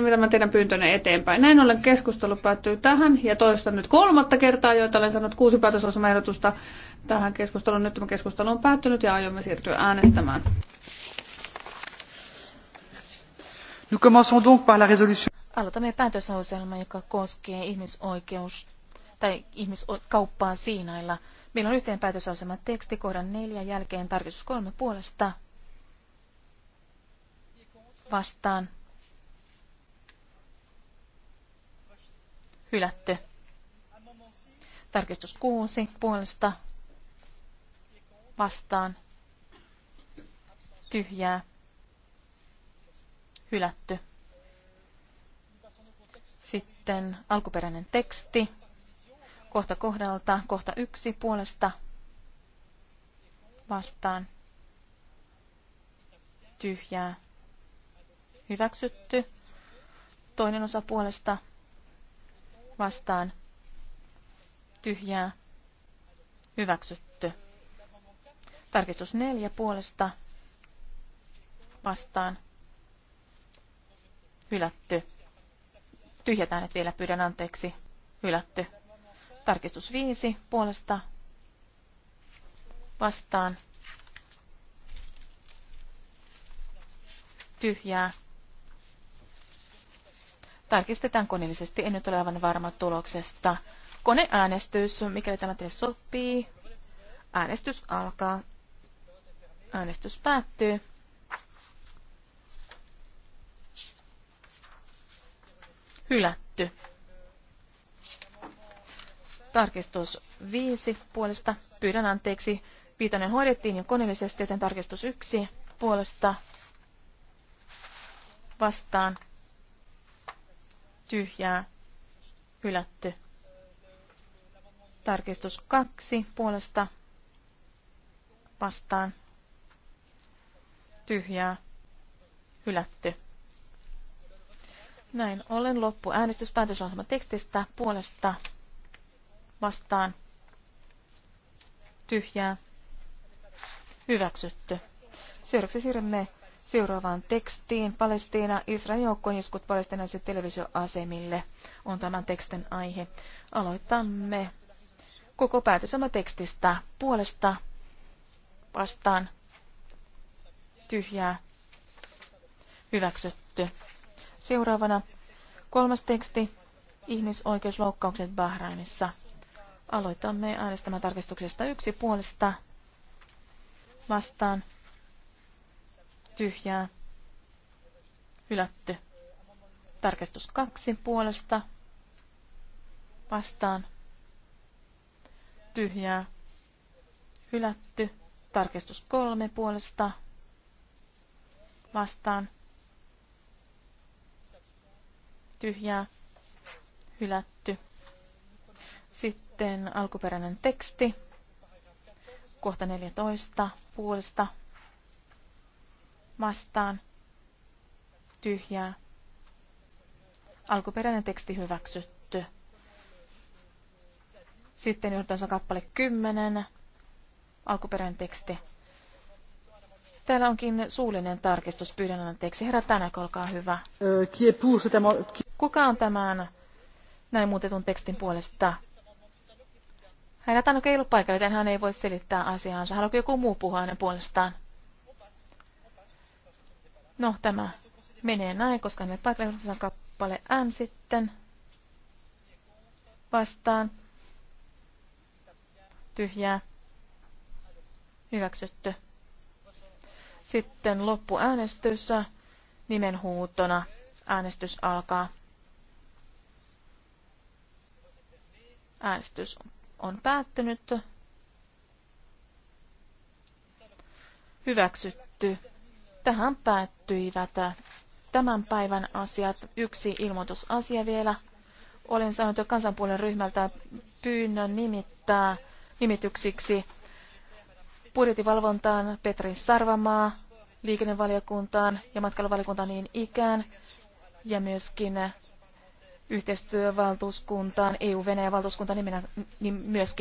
Mitä mä teidän pyyntönne eteenpäin. Näin ollen keskustelu päättyy tähän ja toistan nyt kolmatta kertaa, joita olen sanonut kuusi päätösosamehdotusta tähän keskusteluun. Nyt tämä keskustelu on päättynyt ja aiomme siirtyä äänestämään. Nous commençons donc par la résolution. Aloitamme päätösauselma, joka koskee ihmisoikeus tai ihmiskauppaa Siinailla. Meillä on yhteen päätösasema teksti kohdan neljän jälkeen tarkistus kolme puolesta. Vastaan Hylätty. Tarkistus 6 puolesta vastaan. Tyhjää. Hylätty. Sitten alkuperäinen teksti. Kohta kohdalta, kohta yksi puolesta vastaan. Tyhjää. Hyväksytty. Toinen osa puolesta vastaan tyhjää hyväksytty. Tarkistus neljä puolesta vastaan hylätty. tyhjätään että vielä pyydän anteeksi. Hylätty. Tarkistus viisi puolesta vastaan tyhjää Tarkistetaan koneellisesti, en nyt ole aivan varma tuloksesta. Koneäänestys, mikäli tämä teille sopii. Äänestys alkaa. Äänestys päättyy. Hylätty. Tarkistus 5 puolesta. Pyydän anteeksi. Viitonen hoidettiin jo koneellisesti, joten tarkistus 1 puolesta vastaan tyhjää, hylätty. Tarkistus kaksi puolesta vastaan, tyhjää, hylätty. Näin ollen loppu äänestyspäätöslauselman tekstistä puolesta vastaan tyhjää hyväksytty. Seuraavaksi siirrymme seuraavaan tekstiin. Palestiina, Israelin joukkojen iskut palestinaisen televisioasemille on tämän tekstin aihe. Aloitamme koko päätösoma tekstistä puolesta vastaan tyhjää hyväksytty. Seuraavana kolmas teksti, ihmisoikeusloukkaukset Bahrainissa. Aloitamme äänestämään tarkistuksesta yksi puolesta vastaan tyhjää, hylätty. Tarkistus kaksi puolesta, vastaan, tyhjää, hylätty. Tarkistus kolme puolesta, vastaan, tyhjää, hylätty. Sitten alkuperäinen teksti, kohta 14 puolesta, vastaan tyhjää. Alkuperäinen teksti hyväksytty. Sitten johdansa kappale 10, alkuperäinen teksti. Täällä onkin suullinen tarkistus, pyydän anteeksi. Herra Tänäk, olkaa hyvä. Kuka on tämän näin muutetun tekstin puolesta? Herra Tänäk ei ollut paikalla, joten hän ei voi selittää asiaansa. Haluaako joku muu puhua hänen puolestaan? No, tämä menee näin, koska me paikallisen kappale N sitten vastaan. Tyhjää. Hyväksytty. Sitten nimen nimenhuutona. Äänestys alkaa. Äänestys on päättynyt. Hyväksytty. Tähän päättyivät tämän päivän asiat. Yksi ilmoitusasia vielä. Olen saanut jo kansanpuolen ryhmältä pyynnön nimittää nimityksiksi budjetivalvontaan Petri Sarvamaa, liikennevaliokuntaan ja matkailuvaliokuntaan niin ikään, ja myöskin yhteistyövaltuuskuntaan, EU-Venäjä-valtuuskuntaan niin myöskin